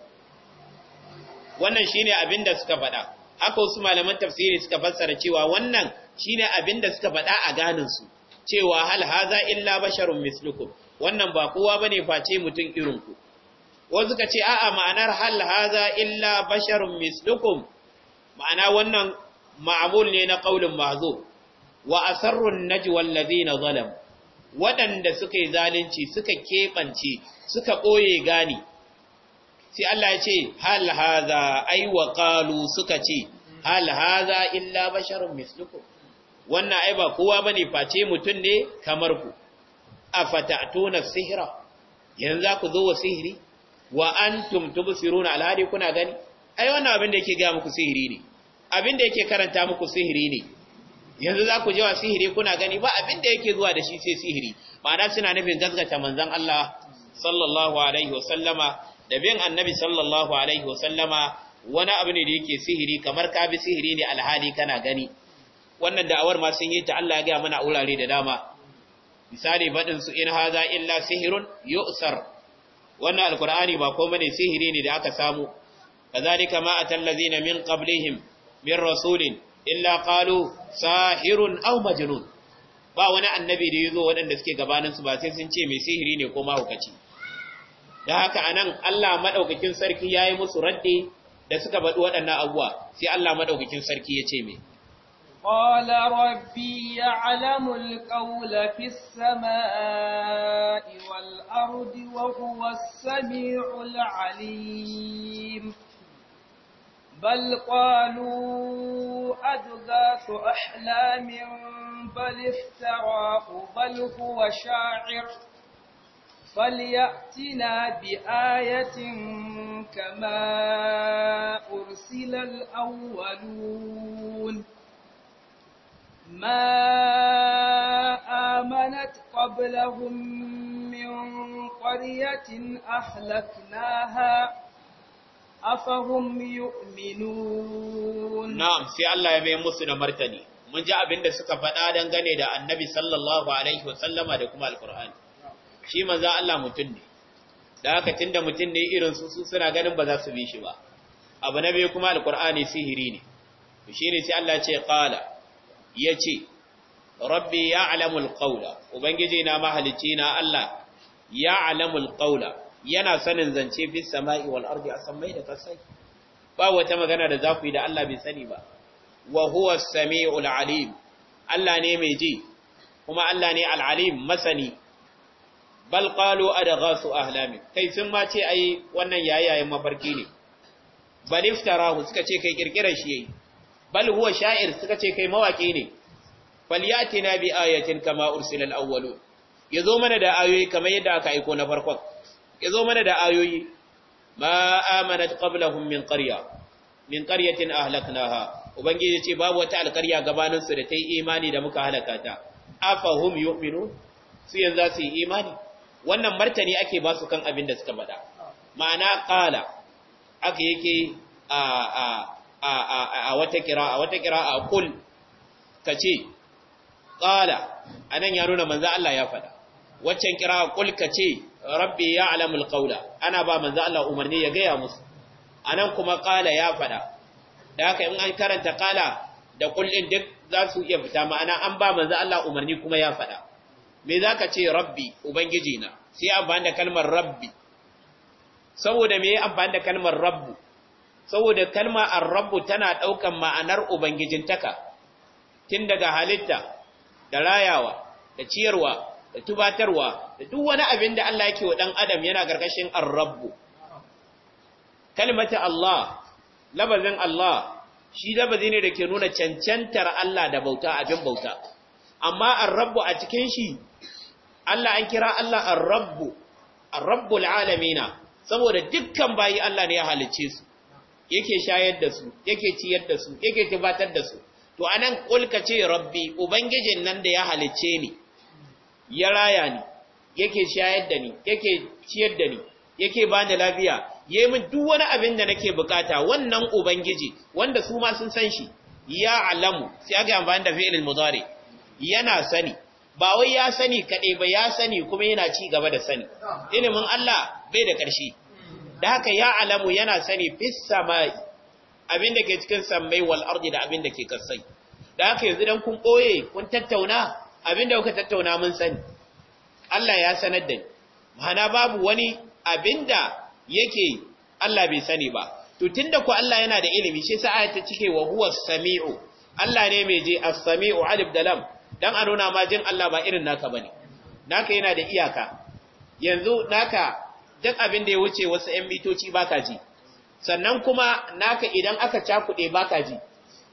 wannan shine abin da suka faɗa haka wasu malaman tafsiri suka fassara cewa wannan shine abin da suka faɗa a ganin su cewa hal haza illa basharun mislukum wannan ba kowa bane face mutum irin ku wasu suka ce a'a ma'anar hal haza illa basharun mislukum ma'ana wannan ma'amul ne na qaulin mazo wa asarrun najwa na zalam waɗanda suka yi zalunci suka keɓance suka ɓoye gani sai Allah ya ce hal haza ai wa qalu suka ce hal haza illa basharun mislukum wannan ai ba kowa bane face mutum ne kamar ku afatatuna sihra yanzu ku zo wa sihiri wa antum tubsiruna alhadi kuna gani ai wannan abin da yake ga muku sihiri ne abin da yake karanta muku sihiri ne yanzu za ku je wa sihiri kuna gani ba abin da yake zuwa da shi sai sihiri ma'ana suna nufin gazgata manzon Allah sallallahu alaihi wasallama da bin annabi sallallahu alaihi wasallama wani abu ne da yake sihiri kamar ka bi sihiri ne alhali kana gani wannan da'awar ma sun yi ta Allah ya ga mana aurare da dama misali baɗin su in haza illa sihirun yu'sar wannan alkur'ani ba komai ne sihiri ne da aka samu kazalika ma atallazina min qablihim min rasulin illa qalu sahirun aw majnun ba wani annabi da yazo waɗanda suke gabanin su ba sai sun ce mai sihiri ne ko mahaukaci da haka anan Allah madaukakin sarki yayi musu raddi da suka badu waɗannan abuwa sai Allah madaukakin sarki ya ce mai قال ربي يعلم القول في السماء والأرض وهو السميع العليم بل قالوا أدغاث أحلام بل افتراه بل هو شاعر فليأتنا بآية كما أرسل الأولون ما آمنت قبلهم من قرية أحلكناها أفهم يؤمنون نعم في الله يمي مسنا مرتني من جاء بند سكفة آدم faɗa dangane da annabi sallallahu alaihi wasallama da kuma alkur'ani shi manzo Allah mutum ne da haka tunda mutun ne irin su su suna ganin ba za su bi shi ba abu na biyu kuma alqur'ani sihiri ne shi ne sai Allah ya ce qala ya ce, Rabbi ya alamul ƙaula, Ubangiji na mahalicci na Allah ya alamul ƙaula, yana sanin zance fi sama'i wal ardi a sammai da kasai. Ba wata magana da za ku yi da Allah bai sani ba, wa huwa sami'ul alim, Allah ne mai ji, kuma Allah ne al'alim masani, bal ƙalo a da gasu ahlami, kai sun ma ce yi wannan yayayen mafarki ne, baliftara suka ce kai ƙirƙirar shi yayi. bal huwa sha'ir suka ce kai mawaki ne falyatina bi ayatin kama ursila alawwalu yazo mana da ayoyi kamar yadda aka aiko na farkon yazo mana da ayoyi ma amanat qablahum min qarya min qaryatin ahlaknaha ubangiji ce babu wata alkarya gabanin su da ta yi imani da muka halaka ta afahum yu'minu su yanzu za su yi imani wannan martani ake ba su kan abin da suka faɗa ma'ana qala aka yake a a a wata kira'a wata kira'a kul kace qala anan ya nuna manzo Allah ya faɗa waccan kira'a kul kace rabbi ya'lamul qawla ana ba manzo Allah umarni ya gaya musu anan kuma qala ya faɗa da haka in an karanta qala da kul din duk za su iya fita ma'ana an ba manzo Allah umarni kuma ya faɗa me zaka ce rabbi ubangiji na sai amfani da kalmar rabbi saboda me amfani da kalmar rabbu saboda kalma ar-rabbu tana ɗaukar ma'anar ubangijintaka tun daga halitta da rayawa da ciyarwa da tubatarwa da duk wani abin da Allah yake wa dan adam yana ƙarƙashin ar-rabbu kalmata Allah labazin Allah shi labazi ne da ke nuna cancantar Allah da bauta abin bauta amma ar a cikin shi Allah an kira Allah ar-rabbu ar saboda dukkan bayi Allah ne ya halicce su yake shayar da su yake ciyar da su yake tabbatar da su to anan kulka ce rabbi ubangijin nan da ya halicce ni ya raya ni yake shayar da ni yake ciyar da ni yake bani lafiya Yai min duk wani abin da nake bukata wannan ubangiji wanda su ma sun san shi ya alamu sai aka amfani da fi'il mudari yana sani ba wai ya sani kaɗai ba ya sani kuma yana ci gaba da sani ilimin Allah bai da ƙarshe da haka ya alamu yana sani fis samai abin da ke cikin sammai wal ardi da abin da ke kasai da haka yanzu dan kun boye kun tattauna abin da kuka tattauna mun sani Allah ya sanar da ni mana babu wani abin da yake Allah bai sani ba to tunda ku Allah yana da ilimi shi sa ayata cike wa huwa samiu Allah ne mai je as-samiu alif da lam dan a nuna ma jin Allah ba irin naka bane naka yana da iyaka yanzu naka duk abin da ya wuce wasu ‘yan mitoci baka ji, sannan kuma naka idan aka cakuɗe baka ji,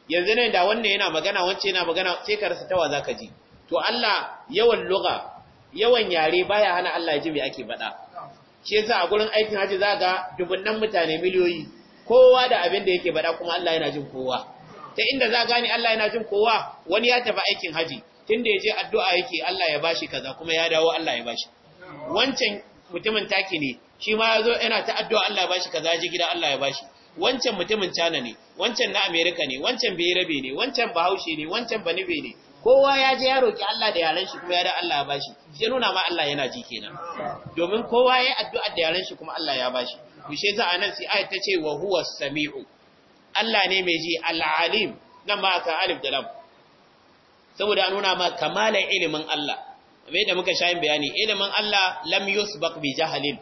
yanzu nan da wannan yana magana wance yana magana sai ka rasa tawa za ji. To Allah yawan luga, yawan yare baya hana Allah ji me ake faɗa. Shi yasa a gurin aikin haji za ga dubunnan mutane miliyoyi, kowa da abin da yake faɗa kuma Allah yana jin kowa. Ta inda za gane Allah yana jin kowa, wani ya tafi aikin haji, tunda ya je addu'a yake Allah ya bashi kaza kuma ya dawo Allah ya bashi. Wancan mutumin taki ne shi ma ya zo yana ta addu'a Allah ya bashi kaza ji gida Allah ya bashi wancan mutumin Cana ne wancan na Amerika ne wancan Berabe ne wancan Bahaushe ne wancan Banibe ne kowa ya je ya roki Allah da yaran shi kuma ya da Allah ya bashi sai nuna ma Allah yana ji kenan domin kowa ya addu'a da yaran shi kuma Allah ya bashi to she za nan sai ayat ta ce wa huwa samiu Allah ne mai ji al-alim nan ma ka alif da lam saboda nuna ma kamalan ilimin Allah kamar da muka shayin bayani ilimin Allah lam yusbaq bi jahalin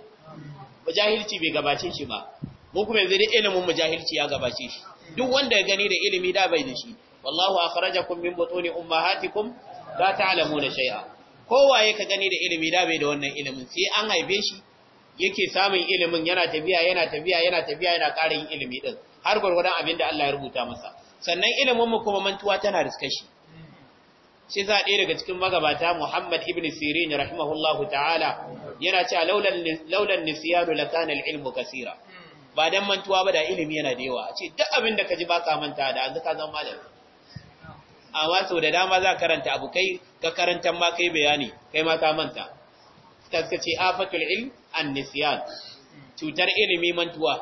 mujahilci bai gabace shi ba mu kuma yanzu da ilimin mujahilci ya gabace shi duk wanda ya gani da ilimi da bai da shi wallahu akhrajakum min butuni ummahatikum la ta'lamuna shay'a kowaye ka gani da ilimi da bai da wannan ilimin sai an haife shi yake samun ilimin yana tafiya yana tafiya yana tafiya yana karin yin ilimi din har gurgurdan abin da Allah ya rubuta masa sannan ilimin mu kuma mantuwa tana riskashi shi shi sa ɗaya daga cikin magabata Muhammad ibn Sirin rahimahullahu ta'ala yana cewa laulan laulan nisyanu lakana ilmu kasira ba dan mantuwa ba da ilimi yana da yawa ce duk abin da kaji baka manta da an zaka zama malami amma sau da dama za karanta abu kai ka karanta ma kai bayani kai ma ka manta taska ce afatul ilm an nisyan cutar ilimi mantuwa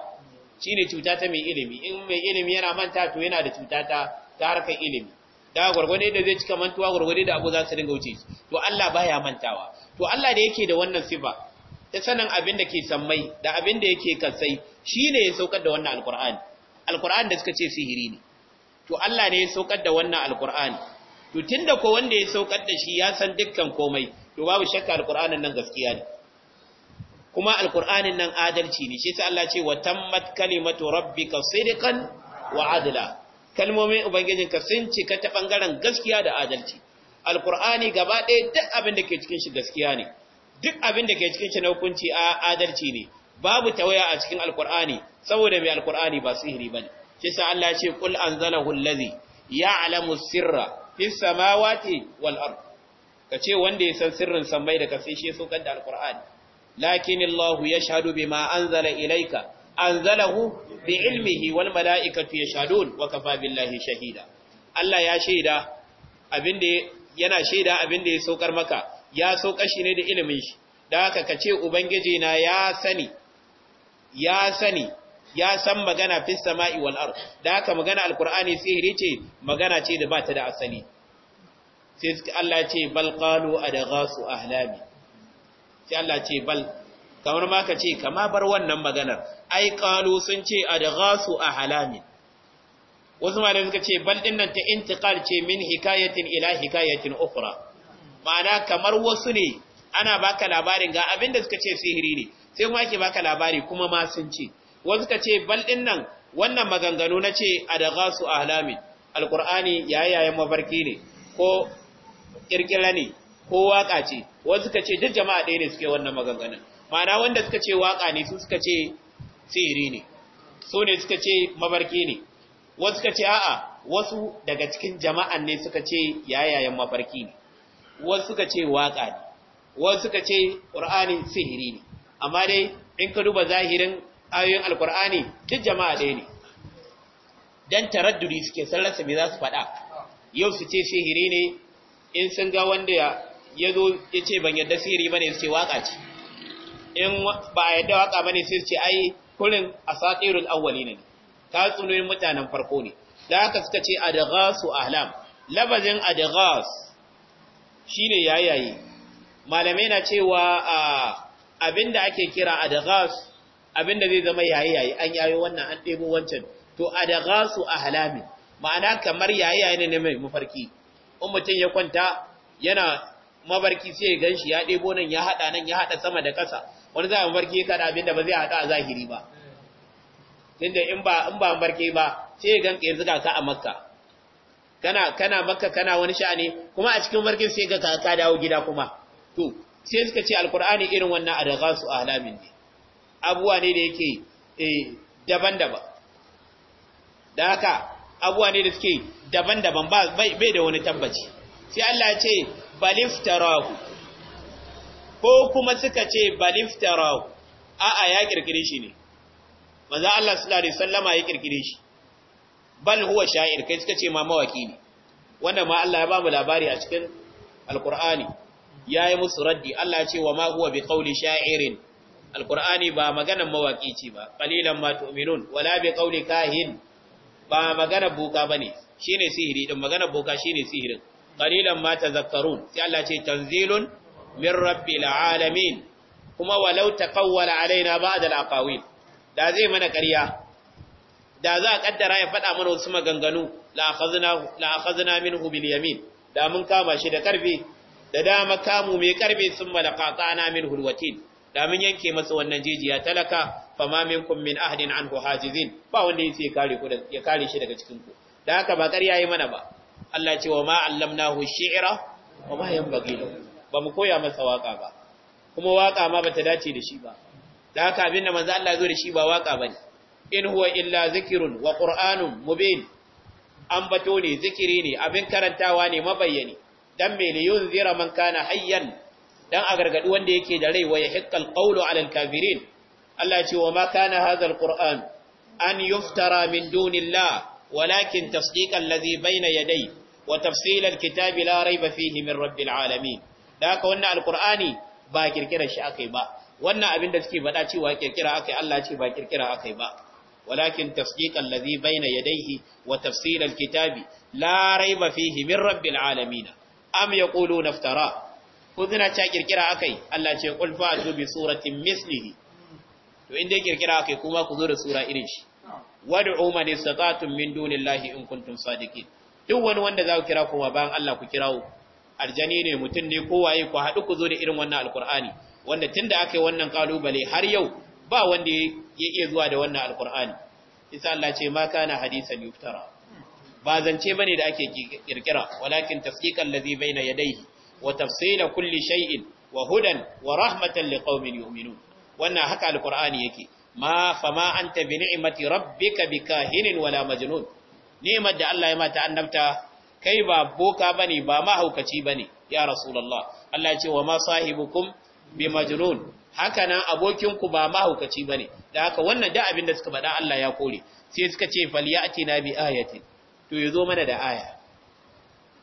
shine cuta ta mai ilimi in mai ilimi yana manta to yana da cuta ta harkar ilimi da gurgurne da zai cika mantuwa gurgurne da abu za su dinga wuce to Allah baya mantawa to Allah da yake da wannan sifa ta sanin abin da ke sammai da abin da yake kansai shine ya saukar da wannan alqur'ani alqur'ani da suka ce sihiri ne to Allah ne ya saukar da wannan alqur'ani to tunda ko wanda ya saukar da shi ya san dukkan komai to babu shakka alqur'anin nan gaskiya ne kuma alqur'anin nan adalci ne shi sai Allah ce wa tammat kalimatu rabbika sidqan wa adla kalmomin ka sun cika ta bangaren gaskiya da adalci alkur'ani gaba ɗaya duk abin da ke cikin shi gaskiya ne duk abin da ke cikin shi na hukunci a adalci ne babu tawaya a cikin alkur'ani saboda mai alkur'ani ba sihiri bane shi sa Allah ya ce qul anzalahu allazi ya'lamu sirra fis samawati wal ard kace wanda ya san sirrin samai da kasai shi saukar da alkur'ani lakin Allah yashhadu bima anzala ilayka anzalahu bi ilmihi wal mala'ikatu yashhadun wa kafa billahi shahida Allah ya shaida abinda yana shaida abinda ya saukar maka ya saukar shi ne da ilimin shi da haka kace ubangiji na ya sani ya sani ya san magana fis sama'i wal da haka magana alqur'ani sihiri ce magana ce da ba ta da asali sai Allah ce bal a qalu adghasu ahlami sai Allah ce bal kamar ma ka ce kama bar wannan maganar ai qalu sun ce adghasu ahlamin wasu malamai suka ce bal nan ta intiqal ce min hikayatin ila hikayatin ukhra ma'ana kamar wasu ne ana baka labarin ga abin da suka ce sihiri ne sai kuma ake baka labari kuma ma sun ce wasu suka ce bal nan wannan maganganu na ce adghasu ahlamin alqur'ani yayayen mafarki ne ko kirkira ne ko waka ce wasu suka ce duk jama'a ɗaya ne suke wannan maganganun ma'ana wanda suka ce waƙa ne su suka ce sihiri ne so ne suka ce mafarki ne wasu suka ce a'a wasu daga cikin jama'an ne suka ce yayayen mafarki ne wasu suka ce waƙa ne wasu suka ce ƙur'ani sihiri ne amma dai in ka duba zahirin ayoyin Alƙur'ani, duk jama'a ɗaya ne don taraddudi suke sallarsa me za su faɗa yau su ce sihiri ne in sun ga wanda ya zo ya ce ban yadda sihiri ba ne su ce waƙa ce in ba a yadda waka bane sai ce ai kullun asatirul awwalina ne ta tsunoyin mutanen farko ne da haka suka ce adghasu ahlam labazin adghas shine yayaye malamai na cewa abinda ake kira adghas abinda zai zama yayaye an yayo wannan an debo wancan to adghasu ahlami ma'ana kamar yayaye ne ne mai mafarki in mutum ya kwanta yana mabarki sai ya ganshi ya ɗebo nan ya haɗa nan ya haɗa sama da ƙasa wani za a mafarki ya abin da ba zai haɗu a zahiri ba Inda in ba in ba mafarki ba sai ya ka zuga ka a makka kana kana makka kana wani sha'ani kuma a cikin mafarkin sai ga ka dawo gida kuma to sai suka ce alkur'ani irin wannan a ahlamin ne abuwa ne da yake eh, daban-daban da haka abuwa ne da suke daban-daban bai da wani tabbaci sai Allah ya ce baliftarahu ko kuma suka ce baliftarahu a'a ya kirkire shi ne manzo Allah sallallahu alaihi wasallama ya kirkire shi bal huwa sha'ir kai suka ce ma mawaki ne wannan ma Allah ya ba mu labari a cikin alqur'ani yayi musu raddi Allah ya ce wa ma huwa qawli sha'irin alqur'ani ba magana mawaki ce ba qalilan ma tu'minun wala qawli kahin ba magana boka bane shine sihiri din magana buka shine sihirin qalilan ma tazakkarun sai Allah ya ce tanzilun min rabbi alamin kuma walau taqawwala alaina ba'd al da zai mana ƙarya da za a kaddara ya faɗa mana wasu maganganu la akhazna minhu bil yamin da mun kama shi da karfi da dama kamu mai karfi sun malaqatana minhu al da mun yanke masa wannan jijiya talaka fama minkum min ahadin anhu hajizin ba wanda ya kare ku ya kare shi daga cikin ku da haka ba ƙarya yi mana ba Allah ce wa ma allamnahu shi'ra wa ma yanbaghi lahu ba mu koya masa waka ba kuma waka ma bata dace da shi ba da haka binne da manzo Allah ya zo da shi ba waka bane in huwa illa zikrun wa qur'anun mubin ambato ne zikiri ne abin karantawa ne mabayyani dan me li yunzira man kana hayyan dan a gargadi wanda yake da rai wa yahiqqal qawlu ala al-kafirin Allah ya ce wa ma kana hadha al-qur'an an yuftara min dunillah walakin tasdiqal ladhi bayna yadayhi وتفصيل الكتاب لا ريب فيه من رب العالمين da haka wannan alkur'ani ba kirkirar shi akai ba wannan abin da suke faɗa cewa kirkira akai Allah ce ba kirkira akai ba walakin tasdiqan ladhi bayna yadayhi wa tafsil alkitabi la rayba fihi min rabbil alamin am yaquluna iftara kuzina ta kirkira akai Allah ce qul fa'tu bi suratin mislihi to inda kirkira akai kuma ku zo da sura irin shi wad'u man istata'tum min dunillahi in kuntum sadiqin duk wani wanda za ku kira kuma bayan Allah ku kirawo aljani ne mutum ne kowaye ku haɗu ku zo da irin wannan alkur'ani wanda tun da aka yi wannan kalubale har yau ba wanda ya iya zuwa da wannan alkur'ani isa Allah ce ma kana hadisan yuftara ba zance bane da ake kirkira walakin tasdiqan ladhi baina yadayhi wa tafsila kulli shay'in wa hudan wa rahmatan liqaumin yu'minun wannan haka alkur'ani yake ma fama anta bi ni'mati rabbika bikahinin wala majnun ni'mat da Allah ya mata annabta kai ba boka bane ba mahaukaci bane ya rasulullah Allah ya ce wa ma sahibukum bi majnun haka nan abokinku ba mahaukaci bane da haka wannan da abin da suka faɗa Allah ya kore sai suka ce fal na bi ayatin to yazo mana da aya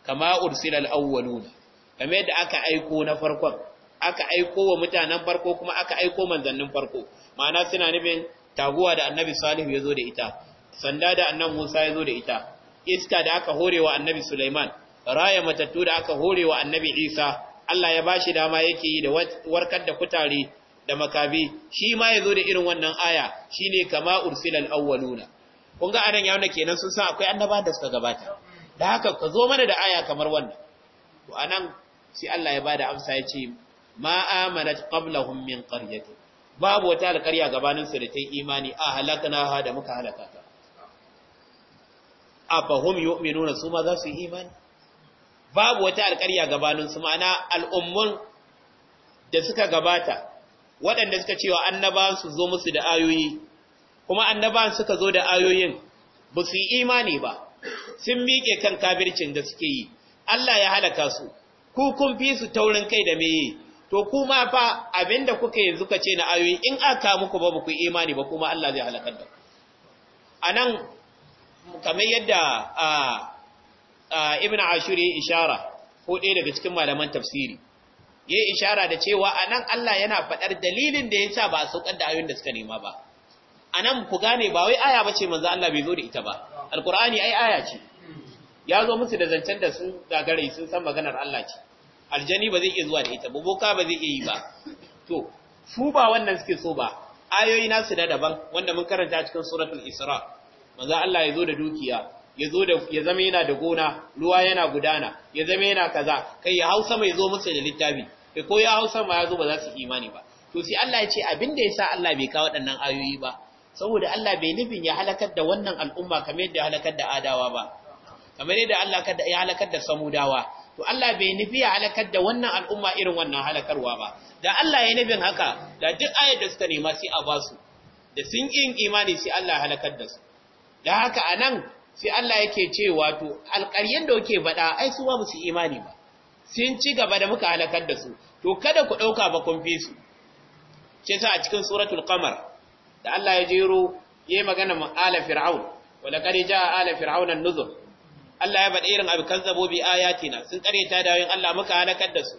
kama ursila al-awwaluna kamar yadda aka aiko na farkon aka aiko wa mutanen farko kuma aka aiko manzannin farko ma'ana suna nufin taguwa da annabi salihu yazo da ita sanda da annabi Musa yazo da ita iska da aka hore wa annabi Sulaiman raya matattu da aka hore wa annabi Isa Allah ya bashi dama yake yi da warkar da kutare da makabi shi ma ya zo da irin wannan aya shi shine kama ursilal awwaluna kun ga anan ya kenan sun san akwai annaba da suka gabata da haka ka zo mana da aya kamar wannan to anan sai Allah ya bada amsa ya ce ma amanat qablahum min qaryatin. babu wata alƙarya gabanin su da ta imani a halakana ha da muka halaka afahum yu'minuna su ma za su yi imani babu wata alƙarya gabanin su ma'ana al'ummun da suka gabata waɗanda suka cewa annaba su zo musu da ayoyi kuma annaban suka zo da ayoyin ba su yi imani ba sun miƙe kan kafircin da suke yi Allah ya halaka su ku kun fi su taurin kai da meye to kuma fa abinda kuka yanzu ka ce na ayoyi in aka muku ba ku imani ba kuma Allah zai halakar da ku anan kamar yadda ibn ashur ya ishara ko ɗaya daga cikin malaman tafsiri ya ishara da cewa a nan Allah yana faɗar dalilin da ya sa ba a saukar da ayoyin da suka nema ba a nan ku gane ba wai aya ba ce manzo Allah bai zo da ita ba alkur'ani ai aya ce ya zo musu da zancen da su gagarai sun san maganar Allah ce aljani ba zai iya zuwa da ita ba boka ba zai iya yi ba to su ba wannan suke so ba ayoyi nasu da daban wanda mun karanta cikin suratul isra manzo Allah ya zo da dukiya ya zo da ya zama yana da gona ruwa yana gudana ya zama yana kaza kai ya hausa mai zo musu da littafi kai ko ya hausa ma ya zo ba za su imani ba to sai Allah ya ce abin da yasa Allah bai kawo waɗannan ayoyi ba saboda Allah bai nufin ya halakar da wannan al'umma kamar yadda ya halakar da adawa ba kamar yadda Allah ya halakar da samudawa to Allah bai nufi ya halakar da wannan al'umma irin wannan halakarwa ba da Allah ya nufin haka da duk ayar da suka nema sai a basu da sun yin imani sai Allah ya halakar da su da haka anan sai Allah yake ce wato alƙaryen da yake faɗa ai su ba mu su imani ba sun ci gaba da muka halakar da su to kada ku ɗauka ba kun fi su ce sa a cikin suratul qamar da Allah ya jero yayi magana mu ala fir'aun wa laqad jaa ala fir'aun an-nuzur Allah ya faɗa irin abin zabobi bi ayatina sun kareta da yin Allah muka halakar da su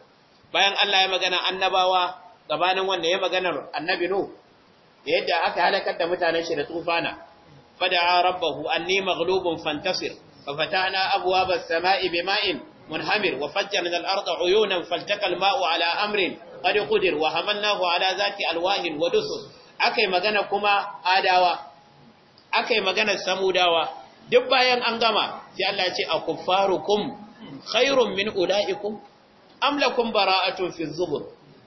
bayan Allah ya magana annabawa gabanin wanda ya maganar annabi Da yadda aka halakar da mutanen shi da tufana fada'a rabbahu anni maghlubun fantasir ففتحنا أبواب السماء بماء منهمر وفجرنا الأرض عيونا فالتقى الماء على أمر قد قدر وحملناه على ذات ألواه ودسس أكي مغانا كما آداوا أكي مغانا سموداوا دبا ين أنغما في الله يتي أكفاركم خير من أولئكم أم لكم براءة في الزبر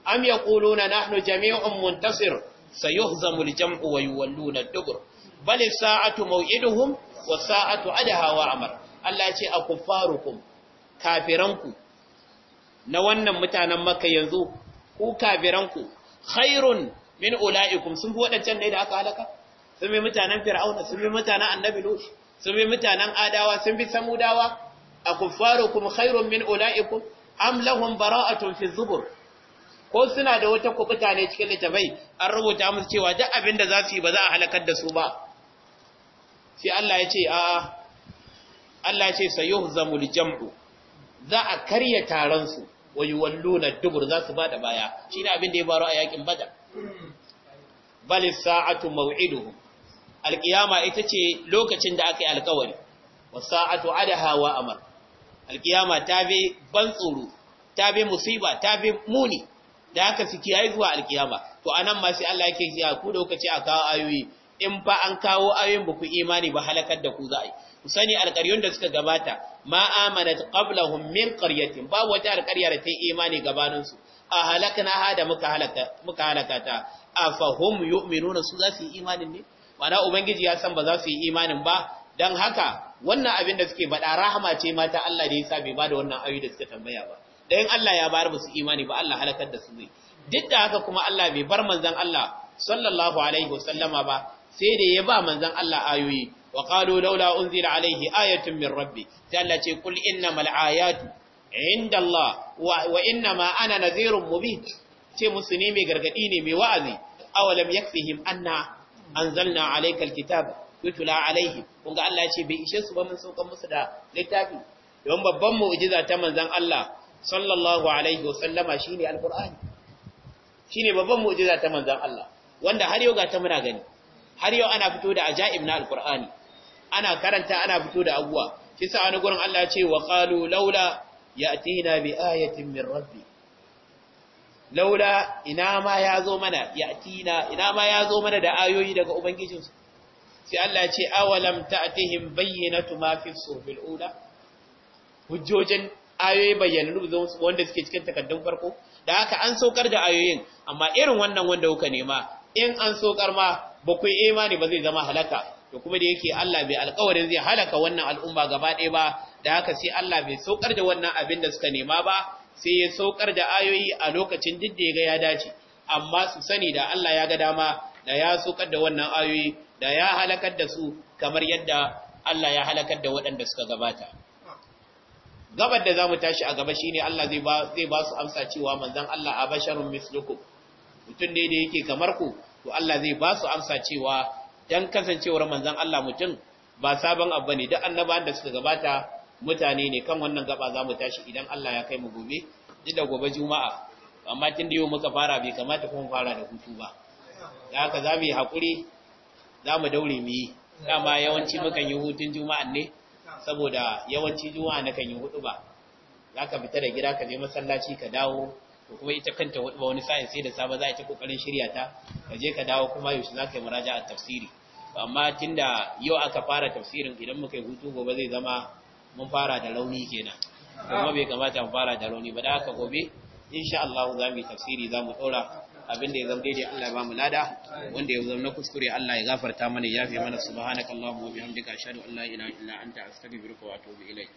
أم يقولون نحن جميع منتصر سيهزم الجمع ويولون الدبر bali sa'atu maw'iduhum wa sa'atu adaha wa amar Allah ya ce a kuffarukum kafiranku na wannan mutanen Makka yanzu ku kafiranku khairun min ulaikum sun fi wadancan ne da aka halaka sun bi mutanen fir'auna sun bi mutanen annabi lut sun bi mutanen adawa sun bi samudawa a kuffarukum khairun min ulaikum am lahum bara'atun fi zubur ko suna da wata kubuta ne cikin littafai an rubuta musu cewa duk abin da za su yi ba za a halakar da su ba sai Allah ya ce a Allah ya ce zamul jam'u za a karya taron su wayu walluna dubur za su bada baya shine abin da ya baro a yakin badar bal sa'atu maw'iduhum alqiyama ita ce lokacin da aka yi alkawari sa'atu adaha wa amr alqiyama ta bi ban tsoro ta bi musiba ta bi muni da haka su ai zuwa alqiyama to anan ma sai Allah yake ji ku da kuka ce a kawo ayoyi in fa an kawo ayoyin ba ku imani ba halakar da ku za a yi ku sani alƙaryun da suka gabata ma amana qablahum min qaryatin ba wata alƙarya da ta imani gabanin su a halakna ha da muka halaka muka halaka ta afahum yu'minuna su za su yi imanin ne Mana ubangiji ya san ba za su yi imanin ba dan haka wannan abin da suke faɗa rahama ce mata Allah da ya sa bai bada wannan ayoyi da suka tambaya ba dan Allah ya bar musu imani ba Allah halakar da su zai duk da haka kuma Allah bai bar manzon Allah sallallahu alaihi wasallama ba sai da ya ba manzan Allah ayoyi wa qalu laula unzila alaihi ayatun min rabbi talla ce kul innamal ayatu inda Allah wa innama ana nadhirun mubin ce musu ne mai gargadi ne mai wa'azi awalam yakfihim anna anzalna alayka alkitaba yutula alaihim kun ga Allah ce bai ishe su ba mun saukan musu da littafi don babban mu'jiza ta manzan Allah sallallahu alaihi wa sallama shine alqur'ani shine babban mu'jiza ta manzan Allah wanda har yau ga ta muna gani har yau ana fito da ajaib na alqur'ani ana karanta ana fito da abuwa kisa wani gurin Allah ya ce wa qalu laula ya'tina bi ayatin min rabbi laula ina ma yazo mana ya'tina ina ma yazo mana da ayoyi daga ubangijinsu sai Allah ya ce awalam ta'tihim bayyinatu ma fi suhufil ula hujjojin ayoyi bayyananu wanda suke cikin takaddun farko da haka an saukar da ayoyin amma irin wannan wanda kuka nema in an saukar ma ba ku imani ba zai zama halaka to kuma da yake Allah bai alƙawarin zai halaka wannan al'umma gaba ɗaya ba da haka sai Allah bai saukar da wannan abin da suka nema ba sai ya saukar da ayoyi a lokacin duk da ya ya dace amma su sani da Allah ya ga dama da ya saukar da wannan ayoyi da ya halakar da su kamar yadda Allah ya halakar da waɗanda suka gabata gabar da zamu tashi a gaba shine Allah zai ba su amsa cewa manzon Allah a mislukum mutum da yake kamar ku to Allah zai ba su amsa cewa dan kasancewar manzon Allah mutum ba sabon abu ne duk annabawan da suka gabata mutane ne kan wannan gaba za mu tashi idan Allah ya kai mu gobe duk da gobe juma'a amma tun da yau muka fara bai kamata kuma fara da hutu ba da haka za mu yi hakuri za mu daure mu yi dama yawanci mukan yi hutun juma'a ne saboda yawanci juma'a na kan yi hudu ba za ka fita da gida ka je masallaci ka dawo to kuma ita kanta ba wani sa'in sai da saba za a ta kokarin shirya ta ka je ka dawo kuma yaushe za ka yi muraja a tafsiri amma tunda yau aka fara tafsirin idan muka yi hutu gobe zai zama mun fara da rauni kenan kuma bai kamata mu fara da rauni ba da haka gobe insha Allah za mu yi tafsiri za mu ɗora abin da ya zama daidai Allah ya ba mu lada wanda ya zama na kuskure Allah ya gafarta mana ya fi mana subhanakallahumma wa bihamdika ashhadu an la ilaha illa anta astaghfiruka wa atubu ilayk